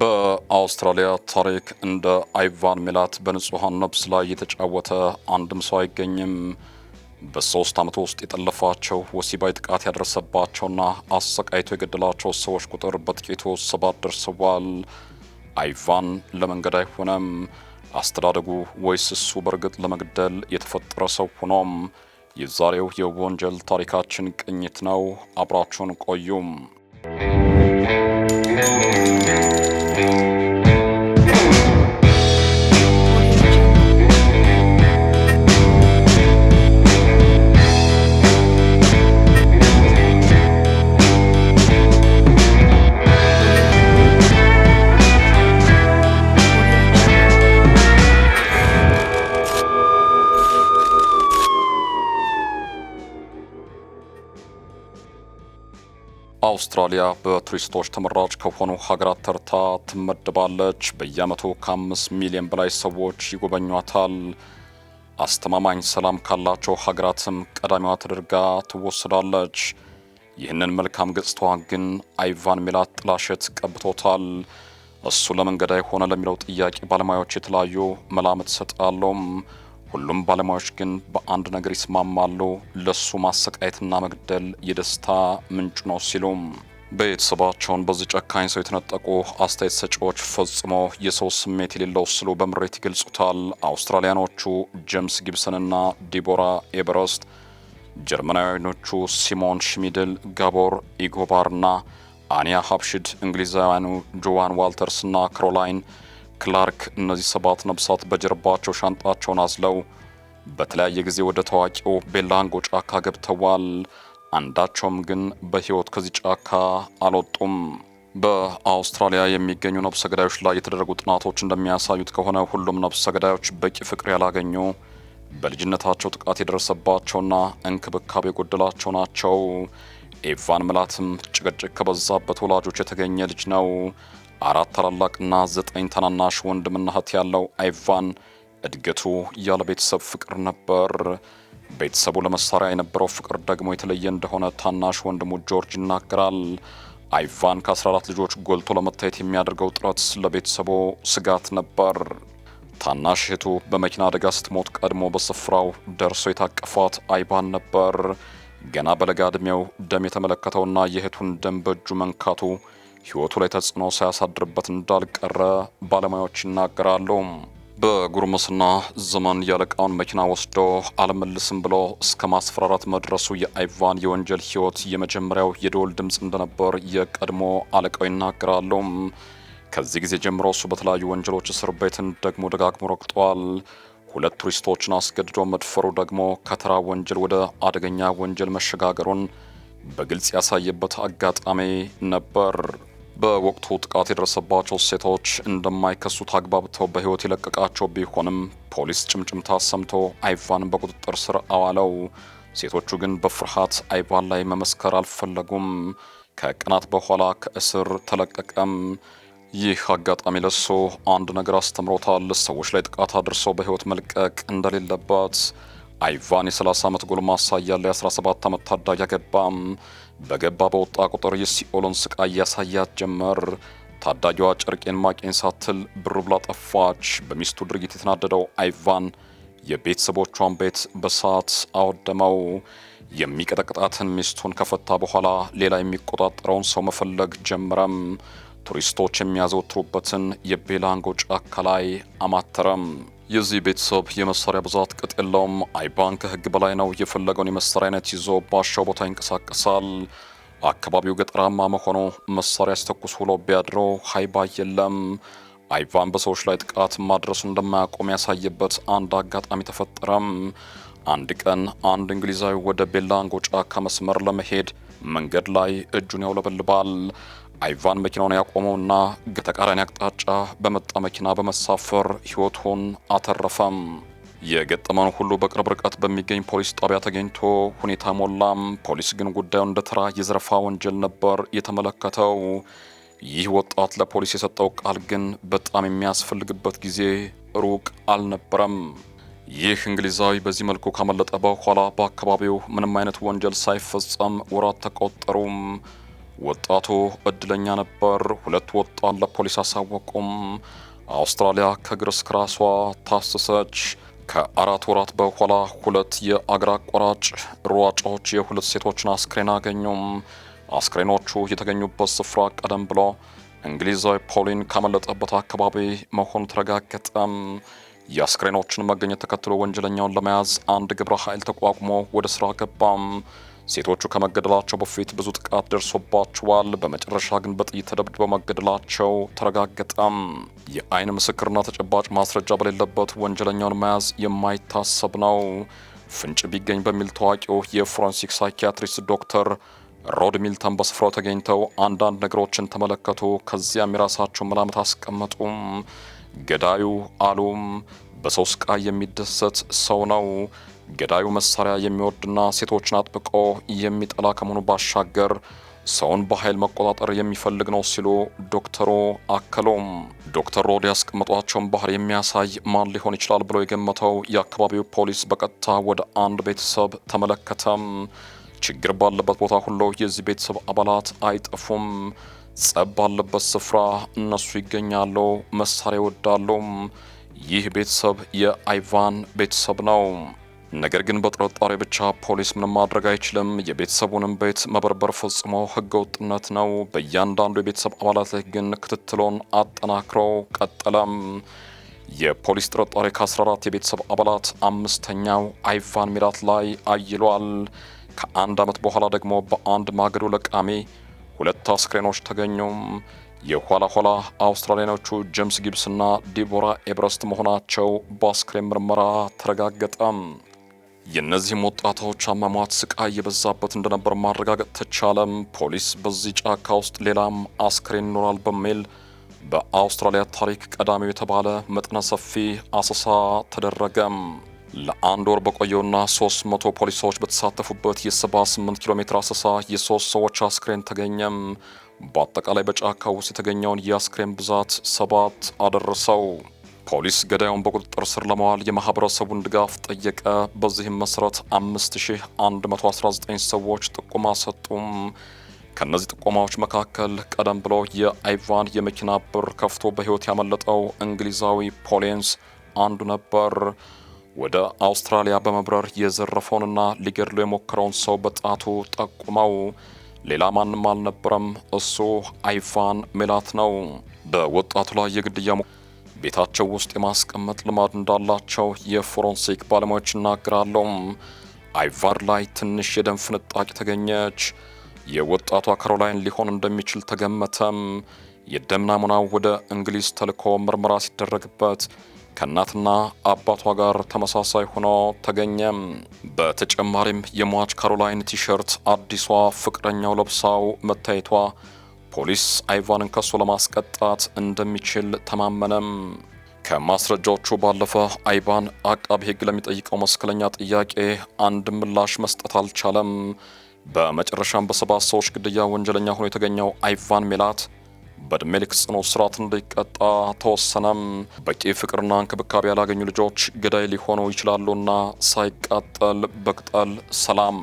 በአውስትራሊያ ታሪክ እንደ አይቫን ሚላት በንጹሐን ነፍስ ላይ የተጫወተ አንድም ሰው አይገኝም። በሶስት ዓመት ውስጥ የጠለፋቸው ወሲባዊ ጥቃት ያደረሰባቸውና አሰቃይቶ የገደላቸው ሰዎች ቁጥር በጥቂቱ ሰባት ደርሰዋል። አይቫን ለመንገድ አይሆነም። አስተዳደጉ ወይስ እሱ በእርግጥ ለመግደል የተፈጠረ ሰው ሆኖም? የዛሬው የወንጀል ታሪካችን ቅኝት ነው። አብራችሁን ቆዩም። Thank you. አውስትራሊያ በቱሪስቶች ተመራጭ ከሆኑ ሀገራት ተርታ ትመደባለች። በየዓመቱ ከአምስት ሚሊዮን በላይ ሰዎች ይጎበኟታል። አስተማማኝ ሰላም ካላቸው ሀገራትም ቀዳሚዋ ተደርጋ ትወሰዳለች። ይህንን መልካም ገጽታዋ ግን አይቫን ሚላት ጥላሸት ቀብቶታል። እሱ ለመንገዳ የሆነ ለሚለው ጥያቄ ባለሙያዎች የተለያዩ መላምት ሰጣለውም ሁሉም ባለሙያዎች ግን በአንድ ነገር ይስማማሉ፣ ለሱ ማሰቃየትና መግደል የደስታ ምንጭ ነው ሲሉም ቤተሰባቸውን በዚህ ጨካኝ ሰው የተነጠቁ አስተያየት ሰጪዎች ፈጽሞ የሰው ስሜት የሌለው ስሉ በምሬት ይገልጹታል። አውስትራሊያኖቹ ጄምስ ጊብሰንና ዲቦራ ኤበረስት፣ ጀርመናዊያኖቹ ሲሞን ሽሚድል፣ ጋቦር ኢጎባርና አኒያ ሀብሽድ፣ እንግሊዛውያኑ ጆዋን ዋልተርስና ካሮላይን ክላርክ እነዚህ ሰባት ነብሳት በጀርባቸው ሻንጣቸውን አዝለው በተለያየ ጊዜ ወደ ታዋቂው ቤላንጎ ጫካ ገብተዋል። አንዳቸውም ግን በህይወት ከዚህ ጫካ አልወጡም። በአውስትራሊያ የሚገኙ ነብሰ ገዳዮች ላይ የተደረጉ ጥናቶች እንደሚያሳዩት ከሆነ ሁሉም ነብሰ ገዳዮች በቂ ፍቅር ያላገኙ፣ በልጅነታቸው ጥቃት የደረሰባቸውና እንክብካቤ የጎደላቸው ናቸው። ኤቫን ምላትም ጭቅጭቅ ከበዛበት ወላጆች የተገኘ ልጅ ነው። አራት ታላላቅና ዘጠኝ ታናናሽ ወንድምና እህት ያለው አይቫን እድገቱ ያለ ቤተሰብ ፍቅር ነበር። ቤተሰቡ ለመሳሪያ የነበረው ፍቅር ደግሞ የተለየ እንደሆነ ታናሽ ወንድሙ ጆርጅ ይናገራል። አይቫን ከ14 ልጆች ጎልቶ ለመታየት የሚያደርገው ጥረት ለቤተሰቡ ስጋት ነበር። ታናሽ እህቱ በመኪና አደጋ ስትሞት ቀድሞ በስፍራው ደርሶ የታቀፋት አይቫን ነበር። ገና በለጋ ዕድሜው ደም የተመለከተውና የእህቱን ደም በእጁ መንካቱ ህይወቱ ላይ ተጽዕኖ ሳያሳድርበት እንዳልቀረ ባለሙያዎች ይናገራሉ። በጉርምስና ዘመን ያለቃውን መኪና ወስዶ አልመልስም ብሎ እስከ ማስፈራራት መድረሱ የአይቫን የወንጀል ህይወት የመጀመሪያው የደወል ድምፅ እንደነበር የቀድሞ አለቃው ይናገራሉ። ከዚህ ጊዜ ጀምሮ እሱ በተለያዩ ወንጀሎች እስር ቤትን ደግሞ ደጋግሞ ረግጧል። ሁለት ቱሪስቶችን አስገድዶ መድፈሩ ደግሞ ከተራ ወንጀል ወደ አደገኛ ወንጀል መሸጋገሩን በግልጽ ያሳየበት አጋጣሚ ነበር። በወቅቱ ጥቃት የደረሰባቸው ሴቶች እንደማይከሱት አግባብተው በህይወት የለቀቃቸው ቢሆንም ፖሊስ ጭምጭምታ ሰምቶ አይቫንን በቁጥጥር ስር አዋለው። ሴቶቹ ግን በፍርሃት አይቫን ላይ መመስከር አልፈለጉም። ከቀናት በኋላ ከእስር ተለቀቀም። ይህ አጋጣሚ ለሱ አንድ ነገር አስተምሮታል። ሰዎች ላይ ጥቃት አድርሰው በህይወት መልቀቅ እንደሌለበት አይቫን የ30 ዓመት ጎልማሳ እያለ የ17 ዓመት ታዳጊ አገባም። በገባ በወጣ ቁጥር የሲኦሎን ስቃይ ያሳያት ጀመር። ታዳጊዋ ጨርቄን ማቄን ሳትል ብር ብላ ጠፋች። በሚስቱ ድርጊት የተናደደው አይቫን የቤተሰቦቿን ቤት በሳት አወደመው። የሚቀጠቅጣትን ሚስቱን ከፈታ በኋላ ሌላ የሚቆጣጠረውን ሰው መፈለግ ጀመረም። ቱሪስቶች የሚያዘወትሩበትን የቤላንጎ ጫካ ላይ አማተረም። የዚህ ቤተሰብ የመሳሪያ ብዛት ቅጥ የለውም። አይባን ከህግ በላይ ነው። የፈለገውን የመሳሪያ አይነት ይዞ ባሻው ቦታ ይንቀሳቀሳል። አካባቢው ገጠራማ መሆኑ መሳሪያ ሲተኩስ ውሎ ቢያድሮ ሀይባ የለም። አይቫን በሰዎች ላይ ጥቃት ማድረሱን እንደማያቆም ያሳየበት አንድ አጋጣሚ ተፈጠረም። አንድ ቀን አንድ እንግሊዛዊ ወደ ቤላንጎ ጫካ መስመር ለመሄድ መንገድ ላይ እጁን ያውለበልባል። አይቫን መኪናውን ያቆመውና ተቃራኒ አቅጣጫ በመጣ መኪና በመሳፈር ሕይወቱን አተረፈም። የገጠመን ሁሉ በቅርብ ርቀት በሚገኝ ፖሊስ ጣቢያ ተገኝቶ ሁኔታ ሞላም። ፖሊስ ግን ጉዳዩ እንደ ተራ የዘረፋ ወንጀል ነበር የተመለከተው። ይህ ወጣት ለፖሊስ የሰጠው ቃል ግን በጣም የሚያስፈልግበት ጊዜ ሩቅ አልነበረም። ይህ እንግሊዛዊ በዚህ መልኩ ካመለጠ በኋላ በአካባቢው ምንም አይነት ወንጀል ሳይፈጸም ወራት ተቆጠሩም። ወጣቱ እድለኛ ነበር። ሁለት ወጣት ለፖሊስ አሳወቁም። አውስትራሊያ ከግር እስከ ራሷ ታስሰች። ከአራት ወራት በኋላ ሁለት የአገር አቋራጭ ሯጮች የሁለት ሴቶችን አስክሬን አገኙም። አስክሬኖቹ የተገኙበት ስፍራ ቀደም ብሎ እንግሊዛዊ ፖሊን ካመለጠበት አካባቢ መሆኑ ተረጋገጠም። የአስክሬኖችን መገኘት ተከትሎ ወንጀለኛውን ለመያዝ አንድ ግብረ ኃይል ተቋቁሞ ወደ ስራ ገባም። ሴቶቹ ከመገደላቸው በፊት ብዙ ጥቃት ደርሶባቸዋል። በመጨረሻ ግን በጥይት ተደብድበው መገደላቸው ተረጋገጠም። የአይን ምስክርና ተጨባጭ ማስረጃ በሌለበት ወንጀለኛውን መያዝ የማይታሰብ ነው። ፍንጭ ቢገኝ በሚል ታዋቂው የፎረንሲክ ሳይኪያትሪስት ዶክተር ሮድ ሚልተን በስፍራው ተገኝተው አንዳንድ ነገሮችን ተመለከቱ። ከዚያም የራሳቸውን መላምት አስቀመጡም። ገዳዩ አሉም በሰው ስቃይ የሚደሰት ሰው ነው። ገዳዩ መሳሪያ የሚወድና ሴቶችን አጥብቆ የሚጠላ ከመሆኑ ባሻገር ሰውን በኃይል መቆጣጠር የሚፈልግ ነው ሲሉ ዶክተሩ አክሎም ዶክተር ሮድ ያስቀመጧቸውን ባህር የሚያሳይ ማን ሊሆን ይችላል ብሎ የገመተው የአካባቢው ፖሊስ በቀጥታ ወደ አንድ ቤተሰብ ተመለከተም። ችግር ባለበት ቦታ ሁሉ የዚህ ቤተሰብ አባላት አይጠፉም። ጸብ ባለበት ስፍራ እነሱ ይገኛሉ፣ መሳሪያ ይወዳሉ። ይህ ቤተሰብ የአይቫን ቤተሰብ ነው። ነገር ግን በጥርጣሬ ብቻ ፖሊስ ምንም ማድረግ አይችልም። የቤተሰቡንም ቤት መበርበር ፈጽሞ ህገወጥነት ነው። በእያንዳንዱ የቤተሰብ አባላት ላይ ግን ክትትሎን አጠናክሮ ቀጠለም። የፖሊስ ጥርጣሬ ከ14 የቤተሰብ አባላት አምስተኛው አይቫን ሚራት ላይ አይሏል። ከአንድ ዓመት በኋላ ደግሞ በአንድ ማገዶ ለቃሚ ሁለት አስክሬኖች ተገኙም። የኋላ ኋላ አውስትራሊያኖቹ ጄምስ ጊብስና ዲቦራ ኤብረስት መሆናቸው በአስክሬን ምርመራ ተረጋገጠም። የእነዚህም ወጣቶች አሟሟት ስቃይ የበዛበት እንደነበር ማረጋገጥ ተቻለም። ፖሊስ በዚህ ጫካ ውስጥ ሌላም አስክሬን ይኖራል በሚል በአውስትራሊያ ታሪክ ቀዳሚው የተባለ መጠነ ሰፊ አሰሳ ተደረገም። ለአንድ ወር በቆየውና 300 ፖሊሶች በተሳተፉበት የ78 ኪሎ ሜትር አሰሳ የሶስት ሰዎች አስክሬን ተገኘም። በአጠቃላይ በጫካ ውስጥ የተገኘውን የአስክሬን ብዛት ሰባት አደረሰው። ፖሊስ ገዳዩን በቁጥጥር ስር ለመዋል የማህበረሰቡን ድጋፍ ጠየቀ። በዚህም መሰረት 5119 ሰዎች ጥቆማ ሰጡም። ከነዚህ ጥቆማዎች መካከል ቀደም ብሎ የአይቫን የመኪና በር ከፍቶ በህይወት ያመለጠው እንግሊዛዊ ፖሌንስ አንዱ ነበር። ወደ አውስትራሊያ በመብረር የዘረፈውንና ሊገድሎ የሞከረውን ሰው በጣቱ ጠቁመው ሌላ ማንም አልነበረም። እሱ አይቫን ሜላት ነው። በወጣቱ ላይ የግድያ ቤታቸው ውስጥ የማስቀመጥ ልማድ እንዳላቸው የፎረንሲክ ባለሙያዎች ይናገራሉ። አይቫር ላይ ትንሽ የደም ፍንጣቂ ተገኘች። የወጣቷ ካሮላይን ሊሆን እንደሚችል ተገመተም። የደም ናሙናው ወደ እንግሊዝ ተልኮ ምርመራ ሲደረግበት ከእናትና አባቷ ጋር ተመሳሳይ ሆኖ ተገኘም። በተጨማሪም የሟች ካሮላይን ቲሸርት አዲሷ ፍቅረኛው ለብሳው መታየቷ ፖሊስ አይቫንን ከሶ ለማስቀጣት እንደሚችል ተማመነም። ከማስረጃዎቹ ባለፈ አይቫን አቃቢ ሕግ ለሚጠይቀው መስክለኛ ጥያቄ አንድ ምላሽ መስጠት አልቻለም። በመጨረሻም በሰባት ሰዎች ግድያ ወንጀለኛ ሆኖ የተገኘው አይቫን ሜላት በዕድሜ ልክ ጽኑ እስራት እንዲቀጣ ተወሰነም። በቂ ፍቅርና እንክብካቤ ያላገኙ ልጆች ገዳይ ሊሆኑ ይችላሉና ሳይቃጠል በቅጠል ሰላም